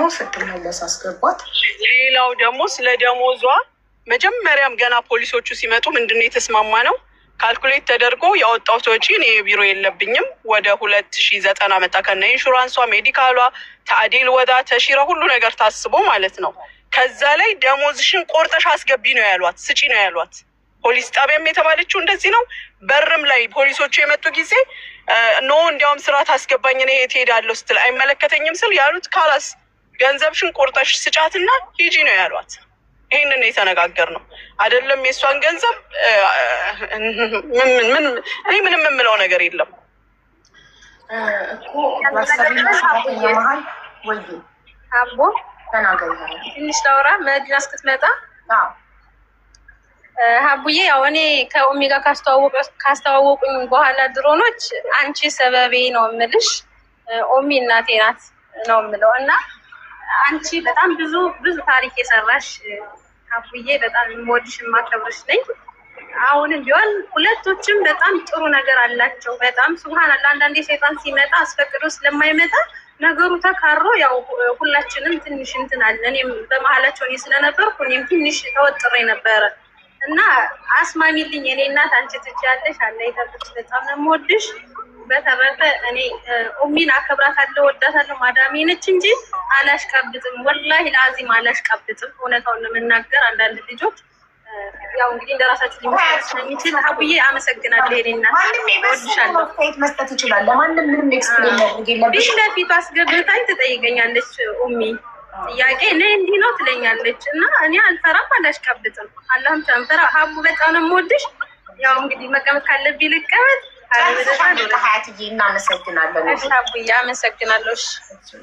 ነው ስትመለስ አስገባት። ሌላው ደግሞ ስለ ደሞዟ መጀመሪያም ገና ፖሊሶቹ ሲመጡ ምንድነው የተስማማ ነው ካልኩሌት ተደርጎ ያወጣው ሰዎች እኔ ቢሮ የለብኝም ወደ ሁለት ሺ ዘጠና መጣ ከነ ኢንሹራንሷ፣ ሜዲካሏ፣ ተአዴል ወዳ ተሺራ ሁሉ ነገር ታስቦ ማለት ነው። ከዛ ላይ ደሞዝሽን ቆርጠሽ አስገቢ ነው ያሏት፣ ስጪ ነው ያሏት። ፖሊስ ጣቢያም የተባለችው እንደዚህ ነው። በርም ላይ ፖሊሶቹ የመጡ ጊዜ ኖ እንዲያውም ስራ ታስገባኝ እኔ የት ሄዳለሁ ስትል አይመለከተኝም ስል ያሉት ካላስ ገንዘብሽን ቆርጠሽ ስጫትና ሂጂ ነው ያሏት። ይህንን የተነጋገር ነው አይደለም። የእሷን ገንዘብ እኔ ምንም የምለው ነገር የለም አቦ ትንሽ ላውራ መዲና እስክትመጣ ሀቡዬ ያው እኔ ጋር ካስተዋወቁኝ በኋላ ድሮኖች አንቺ ሰበቤ ነው የምልሽ። ኦሚ እናቴ ናት ነው የምለው እና አንቺ በጣም ብዙ ብዙ ታሪክ የሰራሽ አቡዬ በጣም የምወድሽ የማከብርሽ ነኝ። አሁንም ቢሆን ሁለቶችም በጣም ጥሩ ነገር አላቸው። በጣም ሱብሃንአላህ። አንዳንዴ ሰይጣን ሲመጣ አስፈቅዶ ስለማይመጣ ነገሩ ተካሮ ያው ሁላችንም ትንሽ እንትን አለ። እኔም በመሀላቸው እኔ ስለነበርኩ እኔም ትንሽ ተወጥሬ ነበረ እና አስማሚልኝ የኔ እናት አንቺ ትችያለሽ። አለ ይጠብቅሽ። በጣም ነው የምወድሽ በተረፈ እኔ ኡሚን አከብራታለሁ፣ ወዳታለሁ። ማዳሜ ነች እንጂ አላሽቃብጥም፣ ወላሂ ለአዚም አላሽቃብጥም። እውነታውን ለመናገር አንዳንድ ልጆች ያው እንግዲህ እንደራሳችሁ ሊመስል ስለሚችል አቡዬ አመሰግናለሁ። ሄኔና ወድሻለሁ እወድሻለሁ። መስጠት ይችላል። ለማንም ምንም ኤክስፕሌን ማድረግ የለብሽም። ፊት ለፊቱ አስገብታኝ ትጠይቀኛለች ኡሚ ጥያቄ እኔ እንዲህ ነው ትለኛለች እና እኔ አልፈራም አላሽቃብጥም። አላህም ቻንፈራ ሀቡ በጣም ነው የምወድሽ። ያው እንግዲህ መቀመጥ ካለብኝ ልቀመጥ ሀያትዬ እናመሰግናለን። አመሰግናለሁ።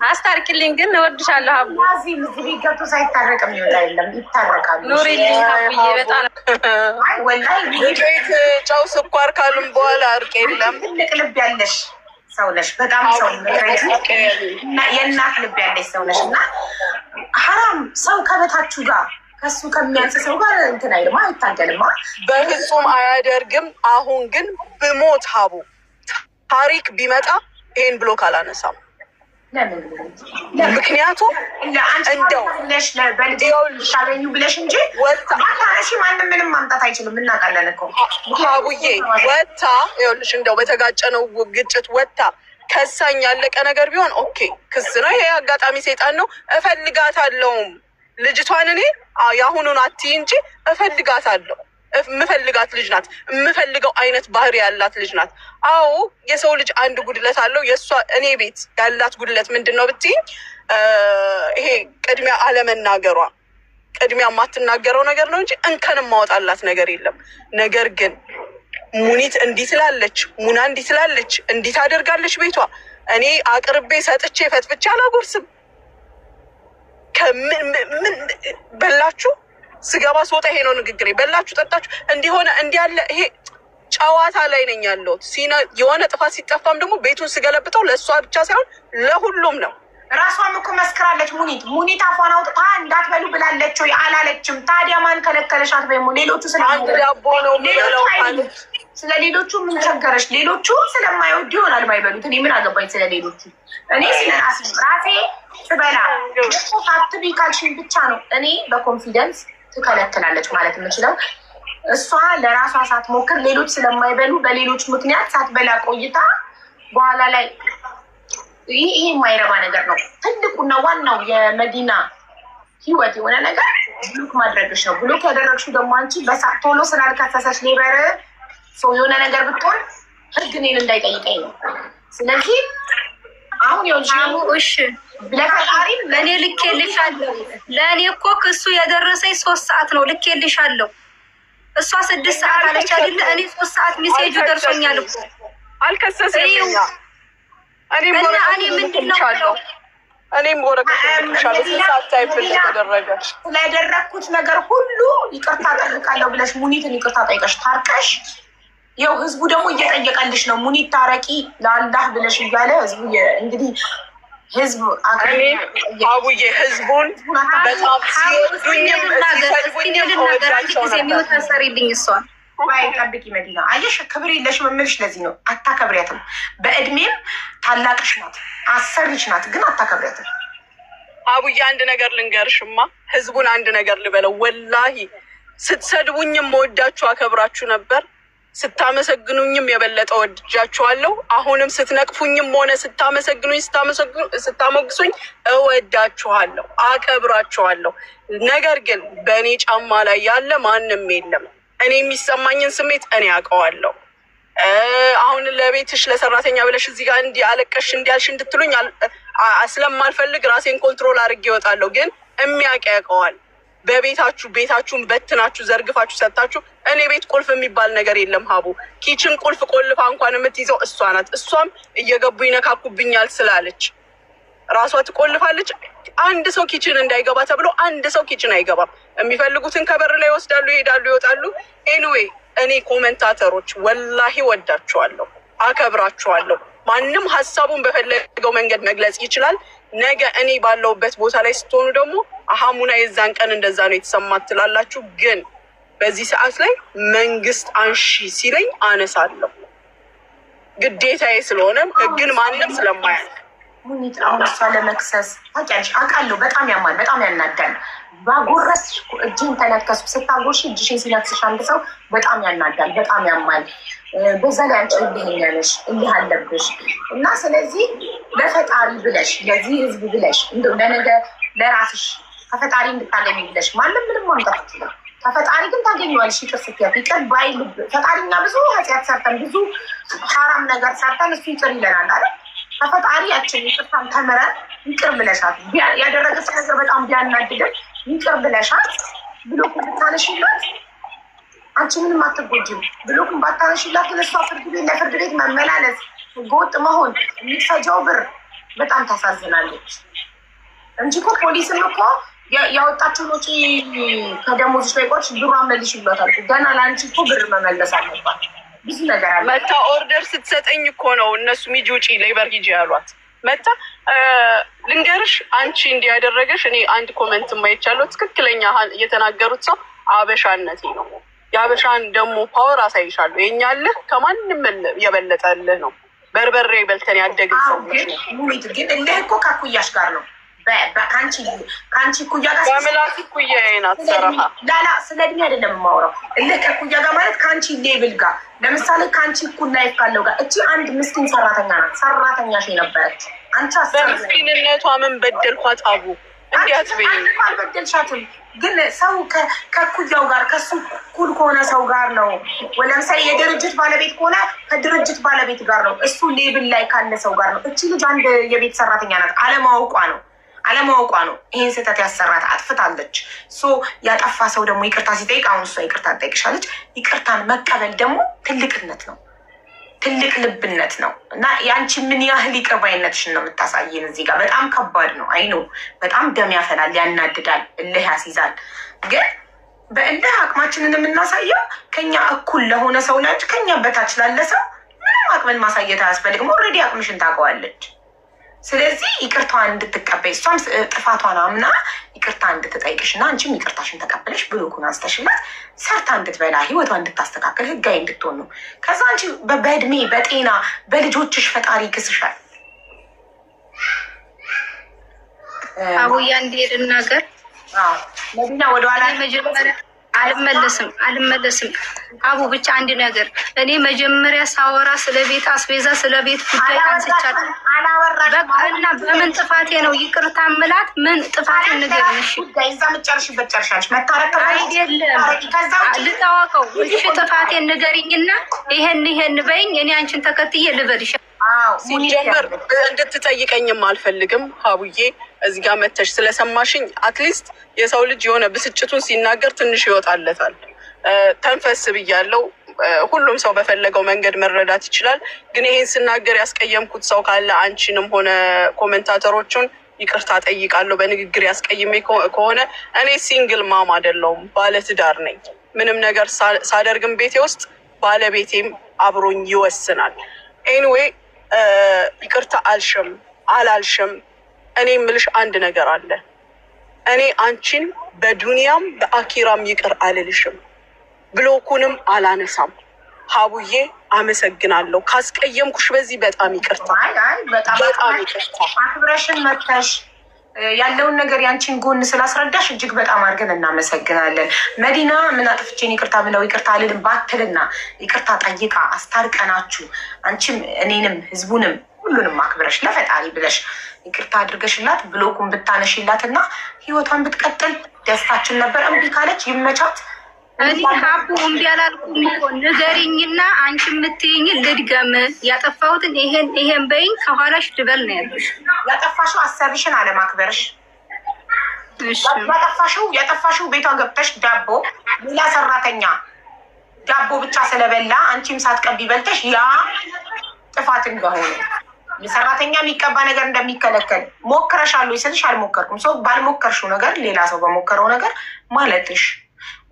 አስታርቂልኝ ግን እወድሻለሁ። እዚህ ምግብ ገብቶ ሳይታረቅም ይወጣ የለም ይታረቃሉ። ኑሪልኝ ጨው ስኳር ካሉም በኋላ እርቅ የለም። ትልቅ ልብ ያለሽ ሰው ነሽ። በጣም ሰው የእናት ልብ ያለሽ ሰው ነሽ እና ሀራም ሰው ከበታችሁ ጋር ከሱ ከሚያንስ ሰው ጋር እንትን አይልማ አይታገልማ። በፍጹም አያደርግም። አሁን ግን ብሞት ሀቡ ታሪክ ቢመጣ ይሄን ብሎክ አላነሳም። ምክንያቱም እንደው ብለሽ እንጂ ማንም ምንም ማምጣት አይችልም። እናውቃለን እኮ ሀቡዬ ወታ ይኸውልሽ፣ እንደው በተጋጨነው ግጭት ወታ ከሳኝ ያለቀ ነገር ቢሆን ኦኬ ክስ ነው። ይሄ አጋጣሚ ሴጣን ነው እፈልጋታለሁም ልጅቷን እኔ የአሁኑን አቲ እንጂ እፈልጋታለሁ። የምፈልጋት ልጅ ናት። የምፈልገው አይነት ባህሪ ያላት ልጅ ናት። አዎ የሰው ልጅ አንድ ጉድለት አለው። የእሷ እኔ ቤት ያላት ጉድለት ምንድን ነው ብትይኝ፣ ይሄ ቅድሚያ አለመናገሯ ቅድሚያ የማትናገረው ነገር ነው እንጂ እንከን ማወጣላት ነገር የለም። ነገር ግን ሙኒት እንዲህ ትላለች፣ ሙና እንዲህ ትላለች፣ እንዲህ ታደርጋለች ቤቷ እኔ አቅርቤ ሰጥቼ ፈትፍቼ አላጎርስም። ምን በላችሁ ስገባ ስወጣ ይሄ ነው ንግግሬ። በላችሁ ጠጣችሁ እንዲሆነ እንዲያለ ይሄ ጨዋታ ላይ ነኝ ያለሁት። ሲና የሆነ ጥፋት ሲጠፋም ደግሞ ቤቱን ስገለብጠው ለእሷ ብቻ ሳይሆን ለሁሉም ነው። ራሷም እኮ መስክራለች። ሙኒት ሙኒት አፏን አውጥታ እንዳትበሉ ብላለች ወይ አላለችም? ታዲያ ማን ከለከለሽ? አትበይም። ሌሎቹ ስለ አንድ ዳቦ ነው የሚበላው ስለ ሌሎቹ ምን ቸገረሽ? ሌሎቹ ስለማይወድ ይሆናል ማይበሉት። እኔ ምን አገባኝ ስለ ሌሎቹ። እኔ ስለ ራሴ ስበላ ካልሽኝ ብቻ ነው እኔ በኮንፊደንስ ትከለክላለች ማለት የምችለው። እሷ ለራሷ ሳትሞክር ሌሎች ስለማይበሉ በሌሎች ምክንያት ሳትበላ ቆይታ በኋላ ላይ ይህ ይሄ የማይረባ ነገር ነው። ትልቁና ዋናው የመዲና ህይወት የሆነ ነገር ብሎክ ማድረግሽ ነው። ብሎክ ያደረግሽው ደግሞ አንቺ ቶሎ ስላልከሰሰሽ ሌበር ሰው የሆነ ነገር ብትሆን ህግ እኔን እንዳይጠይቀኝ ነው። ስለዚህ አሁን እሺ ለፈጣሪም ለእኔ ልኬልሻለሁ። ለእኔ እኮ ክሱ የደረሰኝ ሶስት ሰዓት ነው። ልኬልሻለሁ እሷ ስድስት ሰዓት አለች አይደለ? እኔ ሶስት ሰዓት ሚሴጁ ደርሶኛል እኮ አልከሰሰኝም። ነገር ሁሉ ይቅርታ ጠይቃለሁ ብለሽ ሙኒትን ይቅርታ ጠይቀሽ ታርቀሽ ያው ህዝቡ ደግሞ እየጠየቀልሽ ነው። ሙኒት ታረቂ ለአላህ ብለሽ እያለ ህዝቡ እንግዲህ ህዝቡ አቡዬ ህዝቡን በጣም ሲወዱኝም ሲሰድቡኝም ጠብቂ መዲና፣ አየሽ ክብር የለሽም የምልሽ ለዚህ ነው። አታከብሪያትም። በእድሜም ታላቅሽ ናት፣ አሰሪች ናት፣ ግን አታከብሪያትም። አቡዬ አንድ ነገር ልንገርሽማ፣ ህዝቡን አንድ ነገር ልበለው። ወላሂ ስትሰድቡኝም መወዳችሁ አከብራችሁ ነበር ስታመሰግኑኝም የበለጠ ወድጃችኋለሁ። አሁንም ስትነቅፉኝም ሆነ ስታመሰግኑኝ ስታሞግሱኝ እወዳችኋለሁ፣ አከብራችኋለሁ። ነገር ግን በእኔ ጫማ ላይ ያለ ማንም የለም። እኔ የሚሰማኝን ስሜት እኔ አውቀዋለሁ። አሁን ለቤትሽ ለሰራተኛ ብለሽ እዚህ ጋር እንዲህ አለቀሽ እንዲያልሽ እንድትሉኝ ስለማልፈልግ ራሴን ኮንትሮል አድርጌ እወጣለሁ። ግን የሚያውቅ ያውቀዋል። በቤታችሁ ቤታችሁን በትናችሁ ዘርግፋችሁ ሰጥታችሁ እኔ ቤት ቁልፍ የሚባል ነገር የለም። ሀቡ ኪችን ቁልፍ ቆልፋ እንኳን የምትይዘው እሷ ናት። እሷም እየገቡ ይነካኩብኛል ስላለች ራሷ ትቆልፋለች። አንድ ሰው ኪችን እንዳይገባ ተብሎ አንድ ሰው ኪችን አይገባም። የሚፈልጉትን ከበር ላይ ይወስዳሉ፣ ይሄዳሉ፣ ይወጣሉ። ኤኒዌይ እኔ ኮመንታተሮች ወላሂ ወዳችኋለሁ፣ አከብራችኋለሁ። ማንም ሀሳቡን በፈለገው መንገድ መግለጽ ይችላል። ነገ እኔ ባለውበት ቦታ ላይ ስትሆኑ ደግሞ አሃሙና የዛን ቀን እንደዛ ነው የተሰማት ትላላችሁ። ግን በዚህ ሰዓት ላይ መንግስት አንሺ ሲለኝ አነሳለሁ ግዴታዬ ስለሆነም ህግን ማንም ስለማያል ሙኒት አሁን እሷ ለመክሰስ ታውቂያለሽ፣ አውቃለሁ። በጣም ያማል፣ በጣም ያናዳል። ባጎረስ እጅን ተነከሱ ስታጎሽ እጅሽን ሲነክስሽ አንድ ሰው በጣም ያናዳል፣ በጣም ያማል። በዛ ላይ አንቺ እልህኛ ነሽ፣ እልህ አለብሽ እና ስለዚህ ለፈጣሪ ብለሽ ለዚህ ህዝብ ብለሽ እንደ ለነገ ለራስሽ ከፈጣሪ እንድታገኝ ብለሽ ማንም ምንም ማምጣት ይችላል። ከፈጣሪ ግን ታገኘዋለሽ። ይቅር ስትያት ይቅር ባይ ልብ ፈጣሪኛ ብዙ ኃጢአት ሰርተን ብዙ ሀራም ነገር ሰርተን እሱ ይቅር ይለናል አይደል ከፈጣሪያችን ይቅርታን ተምረን ይቅር ብለሻት ያደረገች ነገር በጣም ቢያናድደን ይቅር ብለሻት ብሎኩን ብታነሽላት አንቺ ምንም አትጎጂም። ብሎኩን ባታነሽላት ለሷ ፍርድ ቤት ለፍርድ ቤት መመላለስ፣ ህገወጥ መሆን፣ የሚፈጃው ብር በጣም ታሳዝናለች እንጂ እኮ ፖሊስም እኮ ያወጣችውን ወጪ ከደሞዝሽ ላይ ቆርሽ ብሯን መልሽ ይሏታል። ገና ለአንቺ እኮ ብር መመለስ አለባት። መታ ኦርደር ስትሰጠኝ እኮ ነው እነሱ ሂጂ ውጪ ሌበር ሂጂ ያሏት። መታ ልንገርሽ፣ አንቺ እኔ አንድ ኮመንት ማይቻለሁ። ትክክለኛ የተናገሩት ሰው አበሻነቴ ነው። የአበሻን ደግሞ ፓወር አሳይሻለሁ። የኛ ከማንም የበለጠልህ ነው። በርበሬ በልተን ያደግን ሰው ግን እልህ እኮ ካኩያሽ ጋር ነው ከአንቺ ከአንቺ ኩያ ጋር ከምላስ ኩያ ናት። ላላ ስለ እድሜ አይደለም የማወራው። ከኩያ ጋር ማለት ከአንቺ ሌብል ጋር ለምሳሌ ከአንቺ እኩል ካለው ጋር እቺ አንድ ምስኪን ሰራተኛ ናት። ነበረች። አንቺ በምስኪንነቷ ምን በደልኳት? አቡ እንዲያት አልበደልሻትም። ግን ሰው ከኩያው ጋር ከሱ እኩል ከሆነ ሰው ጋር ነው። ለምሳሌ የድርጅት ባለቤት ከሆነ ከድርጅት ባለቤት ጋር ነው። እሱ ሌብል ላይ ካለ ሰው ጋር ነው። እቺ ልጅ አንድ የቤት ሰራተኛ ናት። አለማወቋ ነው አለማወቋ ነው ይህን ስህተት ያሰራት። አጥፍታለች። ሶ ያጠፋ ሰው ደግሞ ይቅርታ ሲጠይቅ አሁን እሷ ይቅርታ ትጠይቅሻለች። ይቅርታን መቀበል ደግሞ ትልቅነት ነው፣ ትልቅ ልብነት ነው እና የአንቺ ምን ያህል ይቅር ባይነትሽን ነው የምታሳየን እዚህ ጋር። በጣም ከባድ ነው። አይኖ በጣም ደም ያፈላል፣ ያናድዳል፣ እልህ ያስይዛል። ግን በእልህ አቅማችንን የምናሳየው ከኛ እኩል ለሆነ ሰው ላንቺ ከኛ በታች ላለ ሰው ምንም አቅምን ማሳየት አያስፈልግም። ኦልሬዲ አቅምሽን ታውቀዋለች። ስለዚህ ይቅርታዋን እንድትቀበይ እሷም ጥፋቷን አምና ይቅርታ እንድትጠይቅሽ እና አንቺም ይቅርታሽን ተቀበለሽ ብሎኩን አንስተሽላት ሰርታ እንድትበላ ህይወቷ እንድታስተካከል ህጋዊ እንድትሆን ነው። ከዛ አንቺ በእድሜ በጤና በልጆችሽ ፈጣሪ ይክስሻል። አቡያ እንዲሄድ እናገር መዲና ወደኋላ መጀመሪያ አልመለስም አልመለስም። አቡ ብቻ አንድ ነገር እኔ መጀመሪያ ሳወራ ስለ ቤት አስቤዛ ስለ ቤት ጉዳይ አንስቻለሁ። በቃ በምን ጥፋቴ ነው ይቅርታ ምላት? ምን ጥፋቴ ንገሪኝ። እሺ አይደለም ልታወቀው። እሺ ጥፋቴ ንገሪኝና ይሄን ይሄን በይኝ። እኔ አንቺን ተከትዬ ልበልሻል ሲጀመር እንድትጠይቀኝም አልፈልግም። ሀቡዬ እዚህ ጋር መተሽ ስለሰማሽኝ፣ አትሊስት የሰው ልጅ የሆነ ብስጭቱን ሲናገር ትንሽ ይወጣለታል። ተንፈስ ብያለው። ሁሉም ሰው በፈለገው መንገድ መረዳት ይችላል። ግን ይሄን ስናገር ያስቀየምኩት ሰው ካለ አንቺንም ሆነ ኮሜንታተሮቹን ይቅርታ ጠይቃለሁ። በንግግር ያስቀይሜ ከሆነ እኔ ሲንግል ማም አደለውም ባለትዳር ነኝ። ምንም ነገር ሳደርግም ቤቴ ውስጥ ባለቤቴም አብሮኝ ይወስናል። ኤኒዌይ ይቅርታ አልሽም አላልሽም፣ እኔ ምልሽ አንድ ነገር አለ። እኔ አንቺን በዱንያም በአኪራም ይቅር አልልሽም፣ ብሎኩንም አላነሳም። ሀቡዬ አመሰግናለሁ። ካስቀየምኩሽ በዚህ በጣም ይቅርታ፣ በጣም ይቅርታ። አክብረሽን መተሽ ያለውን ነገር ያንቺን ጎን ስላስረዳሽ እጅግ በጣም አድርገን እናመሰግናለን። መዲና ምን አጥፍቼን ይቅርታ ብለው ይቅርታ አልልም ባትልና ይቅርታ ጠይቃ አስታርቀናችሁ አንቺም እኔንም ህዝቡንም ሁሉንም አክብረሽ ለፈጣሪ ብለሽ ይቅርታ አድርገሽላት ብሎኩን ብታነሽላት እና ህይወቷን ብትቀጥል ደስታችን ነበር። እምቢ ካለች ይመቻት። እኔ ሀቡ እምቢ አላልኩም እኮ ንገሪኝና፣ አንቺ የምትይኝ ልድገም። ያጠፋሁትን ይሄን ይሄን በይኝ፣ ከኋላሽ ልበል ነው ያለሽ። ያጠፋሽው አሰብሽን አለማክበርሽ፣ ያጠፋሽው ያጠፋሽው ቤቷ ገብተሽ ዳቦ ሌላ ሰራተኛ ዳቦ ብቻ ስለበላ አንቺም ሳትቀቢ በልተሽ ያ ጥፋት እንደሆነ ሰራተኛ የሚቀባ ነገር እንደሚከለከል ሞክረሻል ወይ ስልሽ አልሞከርኩም። ሰው ባልሞከርሽው ነገር ሌላ ሰው በሞከረው ነገር ማለትሽ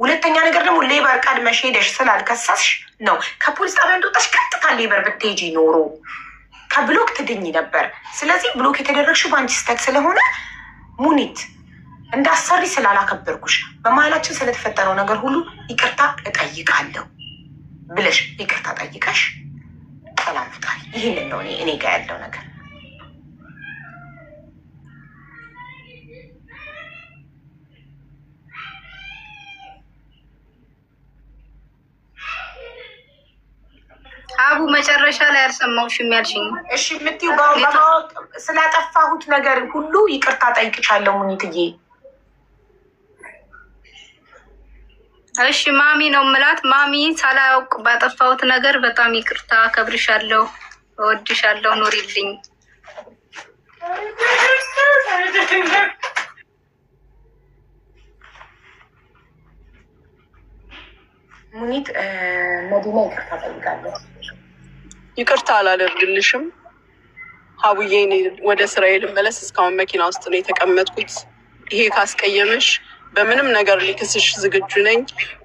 ሁለተኛ ነገር ደግሞ ሌበር ቀድመሽ ሄደሽ ስላልከሰስሽ ነው። ከፖሊስ ጣቢያ እንደወጣሽ ቀጥታ ሌበር ብትሄጂ ኖሮ ከብሎክ ትድኝ ነበር። ስለዚህ ብሎክ የተደረግሽው በአንቺ ስተት ስለሆነ ሙኒት እንዳሰሪ ስላላከበርኩሽ በመሀላችን ስለተፈጠረው ነገር ሁሉ ይቅርታ እጠይቃለሁ ብለሽ ይቅርታ ጠይቀሽ ሰላም ይህንን ነው እኔ ጋ ያለው ነገር። አልሰማሁሽም ያልሽኝ። እሺ የምትይው በማወቅ ስላጠፋሁት ነገር ሁሉ ይቅርታ ጠይቅሻለሁ ሙኒትዬ። እሺ ማሚ ነው ምላት። ማሚ ሳላውቅ ባጠፋሁት ነገር በጣም ይቅርታ። አከብርሻለሁ፣ እወድሻለሁ፣ ኑሪልኝ። ሙኒት መዲና ይቅርታ ጠይቃለሁ። ይቅርታ አላደርግልሽም ሀቡዬ፣ ወደ ስራዬ ልመለስ። እስካሁን መኪና ውስጥ ነው የተቀመጥኩት። ይሄ ካስቀየመሽ በምንም ነገር ሊክስሽ ዝግጁ ነኝ።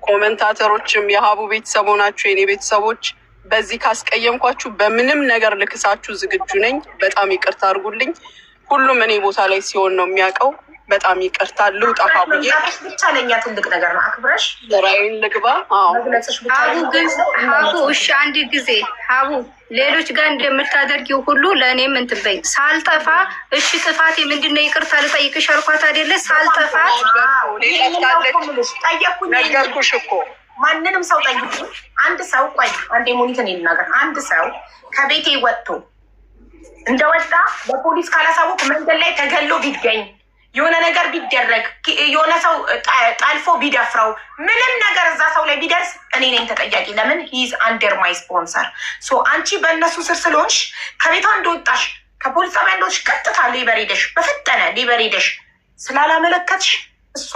ኮመንታተሮችም የሀቡ ቤተሰብ ሆናችሁ የኔ ቤተሰቦች፣ በዚህ ካስቀየምኳችሁ በምንም ነገር ልክሳችሁ ዝግጁ ነኝ። በጣም ይቅርታ አድርጉልኝ። ሁሉም እኔ ቦታ ላይ ሲሆን ነው የሚያውቀው። በጣም ይቅርታ ልውጣ ብዬ ብቻ ለእኛ ትልቅ ነገር ነው። አክብረሽ ራይን ልግባ ሀቡ ግን ሀቡ እሺ፣ አንድ ጊዜ ሀቡ ሌሎች ጋር እንደምታደርጊው ሁሉ ለእኔም እንትበኝ ሳልጠፋ እሺ፣ ጥፋቴ ምንድነው? ይቅርታ ልጠይቅሽ አልኳት አይደለ? ሳልጠፋት ነገርኩሽ እኮ ማንንም ሰው ጠይቁ። አንድ ሰው ቆይ፣ አንዴ ሙኒትን ይናገር። አንድ ሰው ከቤቴ ወጥቶ እንደወጣ በፖሊስ ካላሳወቅ መንገድ ላይ ተገሎ ቢገኝ የሆነ ነገር ቢደረግ የሆነ ሰው ጠልፎ ቢደፍረው ምንም ነገር እዛ ሰው ላይ ቢደርስ እኔ ነኝ ተጠያቂ። ለምን ሂዝ አንደር ማይ ስፖንሰር። ሶ አንቺ በእነሱ ስር ስለሆንሽ ከቤቷ እንደወጣሽ ከፖሊስ ጣቢያ እንደወጣሽ ቀጥታ ሌበር ሄደሽ በፈጠነ ሌበር ሄደሽ ስላላመለከትሽ እሷ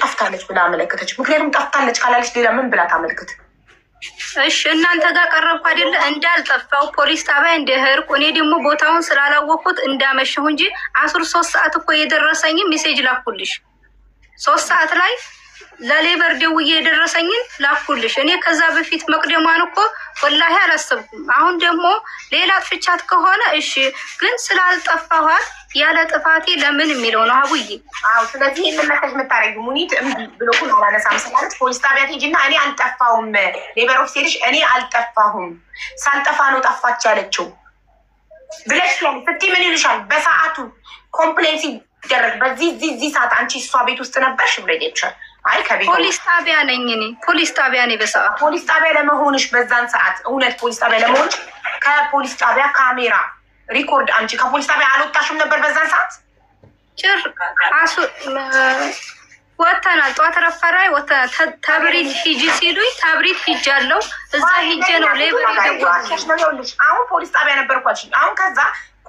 ጠፍታለች ብላ አመለከተች። ምክንያቱም ጠፍታለች ካላለች ሌላ ምን ብላ ታመልክት? እሺ እናንተ ጋር ቀረብኩ አይደለ? እንዳልጠፋው ፖሊስ ጣቢያ እንደሄድኩ እኔ ደግሞ ቦታውን ስላላወቅኩት እንዳመሸሁ እንጂ አስር ሶስት ሰዓት እኮ የደረሰኝ ሜሴጅ ላኩልሽ ሶስት ሰዓት ላይ ለሌበር ደውዬ የደረሰኝን ላኩልሽ። እኔ ከዛ በፊት መቅደሟን እኮ ወላሂ አላሰብኩም። አሁን ደግሞ ሌላ ጥፍቻት ከሆነ እሺ፣ ግን ስላልጠፋኋት ያለ ጥፋቴ ለምን የሚለው ነው አቡዬ። አዎ፣ ስለዚህ ይህን መሰጅ የምታደረግ ሙኒት እምቢ ብሎ ኩን አላነሳም ስላለት ፖሊስ ጣቢያ ትሄጂና እኔ አልጠፋሁም፣ ሌበር ኦፊሴልሽ እኔ አልጠፋሁም፣ ሳልጠፋ ነው ጠፋች ያለችው ብለሽ ስቲ ምን ይሉሻል በሰዓቱ ኮምፕሌንሲ ይደረግ በዚህ ዚህ ዚህ ሰዓት አንቺ እሷ ቤት ውስጥ ነበርሽ ብለ ይችላል አይ ከቤት ፖሊስ ጣቢያ ነኝ እኔ ፖሊስ ጣቢያ ነኝ። በሰዓት ፖሊስ ጣቢያ ለመሆንሽ በዛን ሰዓት እውነት ፖሊስ ጣቢያ ለመሆንሽ ከፖሊስ ጣቢያ ካሜራ ሪኮርድ አንቺ ከፖሊስ ጣቢያ አልወጣሽም ነበር በዛን ሰዓት ጭር አሱ ወተናል። ጠዋት ረፈራይ ወተ ተብሪድ ሂጂ ሲሉኝ ተብሪድ ሂጅ አለው እዛ ሂጄ ነው ሌበር ይደወልሽ። አሁን ፖሊስ ጣቢያ ነበርኳች። አሁን ከዛ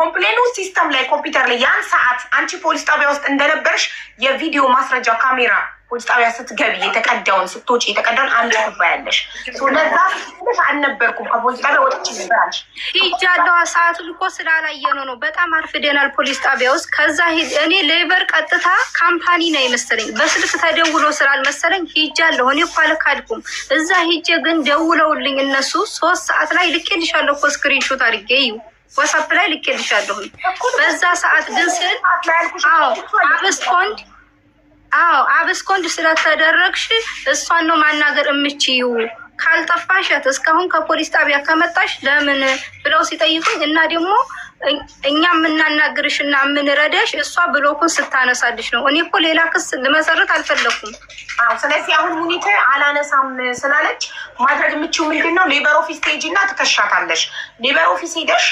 ኮምፕሌኑ ሲስተም ላይ ኮምፒውተር ላይ ያን ሰዓት አንቺ ፖሊስ ጣቢያ ውስጥ እንደነበርሽ የቪዲዮ ማስረጃ ካሜራ ፖሊስ ጣቢያ ስትገቢ የተቀዳውን ስትወጪ የተቀዳውን አንድ ኩባ ያለሽ ለዛ ትንሽ አልነበርኩም ከፖሊስ ጣቢያ ወጥች ነበር አለሽ። ሂጃለሁ ሰዓቱን እኮ ስላላየነው ነው። በጣም አርፍደናል ፖሊስ ጣቢያ ውስጥ። ከዛ እኔ ሌበር ቀጥታ ካምፓኒ ነው የመሰለኝ በስልክ ተደውሎ ስላልመሰለኝ ሂጃለሁ። እኔ እኮ አልካድኩም። እዛ ሂጄ ግን ደውለውልኝ እነሱ ሶስት ሰዓት ላይ ልኬልሻለሁ እኮ ስክሪንሾት አድርጌ እዩ ዋሳፕ ላይ ልኬልሻለሁኝ። በዛ ሰዓት ግን ስል ፖንድ አዎ አብስኮንድ ስለተደረግሽ እሷን ነው ማናገር የምችይው። ካልጠፋሸት እስካሁን ከፖሊስ ጣቢያ ከመጣሽ ለምን ብለው ሲጠይቁኝ እና ደግሞ እኛ የምናናግርሽ እና የምንረዳሽ እሷ ብሎኩን ስታነሳልሽ ነው። እኔ እኮ ሌላ ክስ ልመሰረት አልፈለኩም። አዎ ስለዚህ አሁን ሙኒተ አላነሳም ስላለች ማድረግ የምችው ምንድን ነው ሌበር ኦፊስ ቴጅ እና ትከሻታለሽ ሌበር ኦፊስ ሄደሽ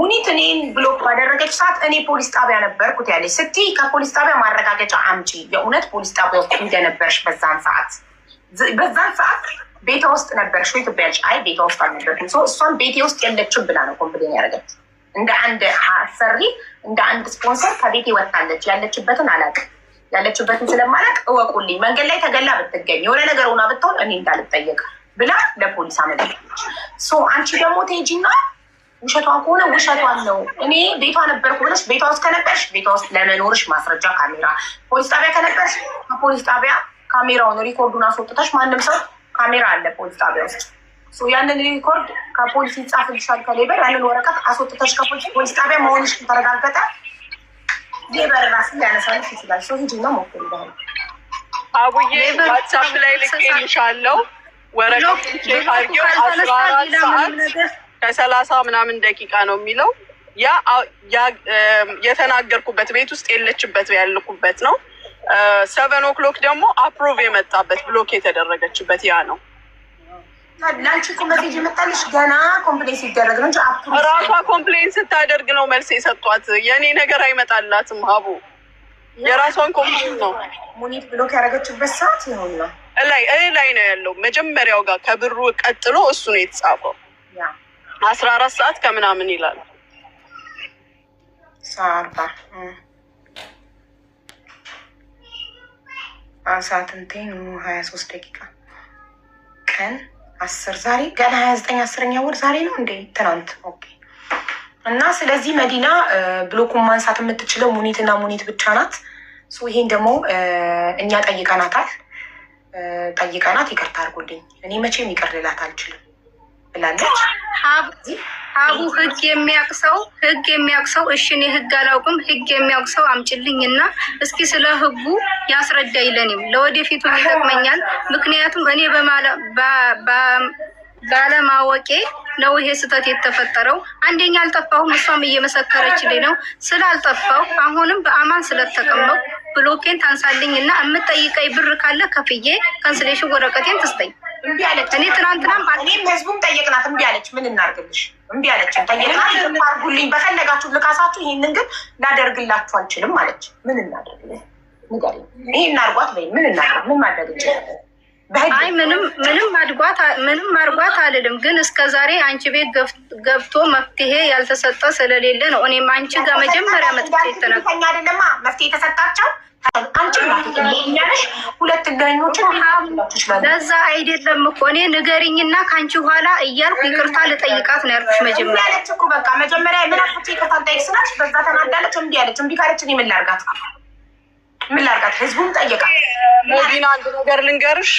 ሙኒት እኔን ብሎክ ባደረገች ሰዓት እኔ ፖሊስ ጣቢያ ነበርኩት ያለች ስቲ ከፖሊስ ጣቢያ ማረጋገጫ አምጪ፣ የእውነት ፖሊስ ጣቢያ ውስጥ እንደነበርሽ በዛን ሰዓት በዛን ሰዓት ቤተ ውስጥ ነበርሽ ወይ ትበያለሽ? አይ ቤተ ውስጥ አልነበርኩም። ሰው እሷን ቤቴ ውስጥ የለችም ብላ ነው ኮምፕሌን ያደረገች። እንደ አንድ ሰሪ እንደ አንድ ስፖንሰር ከቤቴ ወጣለች ያለችበትን አላቅ ያለችበትን ስለማላቅ እወቁልኝ፣ መንገድ ላይ ተገላ ብትገኝ የሆነ ነገር ሆና ብትሆን እኔ እንዳልጠየቅ ብላ ለፖሊስ አመለች። ሶ አንቺ ደግሞ ቴጂና ውሸቷን ከሆነ ውሸቷን ነው። እኔ ቤቷ ነበርኩ ብለሽ ቤቷ ውስጥ ከነበርሽ ቤቷ ውስጥ ለመኖርሽ ማስረጃ ካሜራ፣ ፖሊስ ጣቢያ ከነበርሽ ከፖሊስ ጣቢያ ካሜራውን ሪኮርዱን አስወጥተሽ፣ ማንም ሰው ካሜራ አለ ፖሊስ ጣቢያ ውስጥ ያንን ሪኮርድ ከፖሊስ ይጻፍልሻል። ከሌበር ያንን ወረቀት አስወጥተሽ ከፖሊስ ጣቢያ መሆንሽ ተረጋገጠ፣ ሌበር ራስ ሊያነሳልሽ ይችላል። ሰው ሂጂና ይባል አቡዬ ዋትሳፕ ላይ ይልሻለው ወረቀት ቼክ አድርጌው አስራ አራት ሰዓት ከሰላሳ ምናምን ደቂቃ ነው የሚለው ያ የተናገርኩበት ቤት ውስጥ የለችበት ያልኩበት ነው። ሰቨን ኦክሎክ ደግሞ አፕሮቭ የመጣበት ብሎክ የተደረገችበት ያ ነው። ለአንቺ ገና ነው። ራሷ ኮምፕሌን ስታደርግ ነው መልስ የሰጧት። የእኔ ነገር አይመጣላትም። አቡ የራሷን ኮምፕሌን ነው ሙኒት ብሎክ ያደረገችበት ሰዓት ይሆን ነው ላይ እኔ ላይ ነው ያለው መጀመሪያው ጋር ከብሩ ቀጥሎ እሱ ነው የተጻፈው። አስራ አራት ሰዓት ከምናምን ይላል ሰዓት እንትን ሀያ ሶስት ደቂቃ ቀን አስር ዛሬ ገና ሀያ ዘጠኝ አስረኛ ወር ዛሬ ነው እንዴ? ትናንት ኦኬ። እና ስለዚህ መዲና ብሎኩን ማንሳት የምትችለው ሙኒት እና ሙኒት ብቻ ናት። ይሄን ደግሞ እኛ ጠይቀናታል። ጠይቀናት ይቅርታ አድርጎልኝ እኔ መቼም ይቅር ልላት አልችልም ብላለች። አቡ ህግ ሰው ህግ የሚያቅሰው እሺ እኔ ህግ አላውቅም። ህግ የሚያቅሰው አምጭልኝ እና እስኪ ስለ ህጉ ያስረዳ ይለኔም ለወደፊቱ ይጠቅመኛል። ምክንያቱም እኔ ባለማወቄ ነው ይሄ ስህተት የተፈጠረው። አንደኛ አልጠፋሁም፣ እሷም እየመሰከረችልኝ ነው ስላልጠፋሁ አሁንም በአማን ስለተቀመው ብሎኬን ታንሳልኝ እና የምጠይቀኝ ብር ካለ ከፍዬ ካንስሌሽን ወረቀቴን ትስጠኝ። እምቢ አለች። እኔ ትናንትናም እኔም ህዝቡም ጠየቅናት፣ እምቢ አለች። ምን እናርግልሽ? እምቢ አለች። ጠየቅናት፣ አርጉልኝ፣ በፈለጋችሁ ልካሳችሁ፣ ይህንን ግን ላደርግላችሁ አልችልም አለች። ምን እናደርግልህ? ይህ እናርጓት ወይ ምን እናርጓት? ምን ማድረግ እንችላለን? አይ ምንም ምንም አድጓት ምንም አድጓት አልልም፣ ግን እስከ ዛሬ አንቺ ቤት ገብቶ መፍትሄ ያልተሰጠ ስለሌለ ነው። እኔም አንቺ ጋር መጀመሪያ መጥቼ ተናግረኛ አይደለማ መፍትሄ የተሰጣቸው ለዛ አይደለም እኮ እኔ ንገሪኝና ከአንቺ ኋላ እያልኩ ይቅርታ ልጠይቃት ነው ያልኩሽ። መጀመሪያ ያለች እኮ በቃ መጀመሪያ ምን አልኩት ይቅርታ ልጠይቅ ስላልሽ በዛ ተናዳለች። እምቢ አለች። እምቢ ካለች እኔ ምን ላድርጋት? ምን ላርጋት? ህዝቡም ጠየቃል። ሞዲን አንድ ነገር ልንገርሽ፣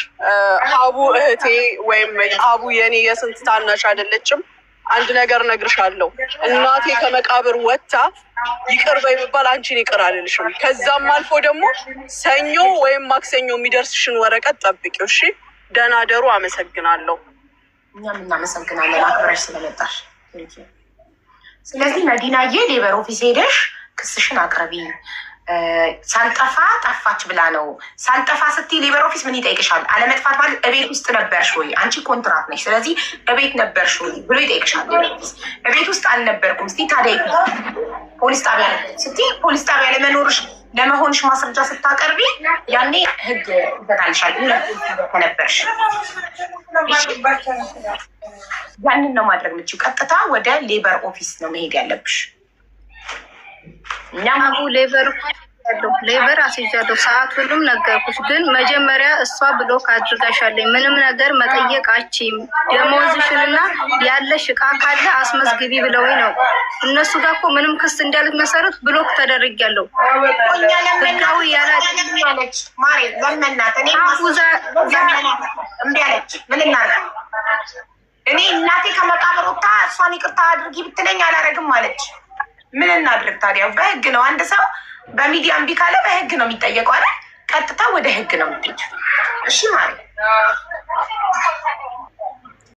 አቡ እህቴ ወይም አቡ የኔ የስንት ታናሽ አይደለችም። አንድ ነገር እነግርሻለሁ። እናቴ ከመቃብር ወጥታ ይቅር በሚባል አንቺን ይቅር አልልሽም። ከዛም አልፎ ደግሞ ሰኞ ወይም ማክሰኞ የሚደርስሽን ወረቀት ጠብቂው። እሺ፣ ደህና ደሩ። አመሰግናለሁ። እኛም እናመሰግናለን አክብረሽ ስለመጣሽ። ስለዚህ መዲናዬ ሌበር ኦፊስ ሄደሽ ክስሽን አቅርቢ። ሳንጠፋ ጠፋች ብላ ነው። ሳንጠፋ ስትይ ሌበር ኦፊስ ምን ይጠይቅሻል? አለመጥፋት ማለት እቤት ውስጥ ነበርሽ ወይ? አንቺ ኮንትራት ነሽ፣ ስለዚህ እቤት ነበርሽ ወይ ብሎ ይጠይቅሻል። እቤት ውስጥ አልነበርኩም ስትይ ታዲያ ፖሊስ ጣቢያ ስትይ ፖሊስ ጣቢያ ለመኖርሽ ለመሆንሽ ማስረጃ ስታቀርቢ ያኔ ህግ ይበታልሻል። ከነበርሽ ያንን ነው ማድረግ ምችው። ቀጥታ ወደ ሌበር ኦፊስ ነው መሄድ ያለብሽ። አቡ ሌቨር ሌቨር ሰዓት ሁሉም ነገርኩሽ፣ ግን መጀመሪያ እሷ ብሎክ አድርጋሻለኝ። ምንም ነገር መጠየቅ አችም ደሞዝሽንና ያለሽ እቃ ካለ አስመዝግቢ ብለውኝ ነው። እነሱ ጋር እኮ ምንም ክስ እንዳልክ መሰረት ብሎክ ተደርጊያለሁ። ህጋዊ እኔ እናቴ ከመቃብር ወጥታ እሷን ይቅርታ አድርጊ ብትለኝ አላረግም አለች። ምን እናድርግ ታዲያ? በህግ ነው። አንድ ሰው በሚዲያ እምቢ ካለ በህግ ነው የሚጠየቀው አይደል? ቀጥታ ወደ ህግ ነው የምትሄጂው። እሺ ማለት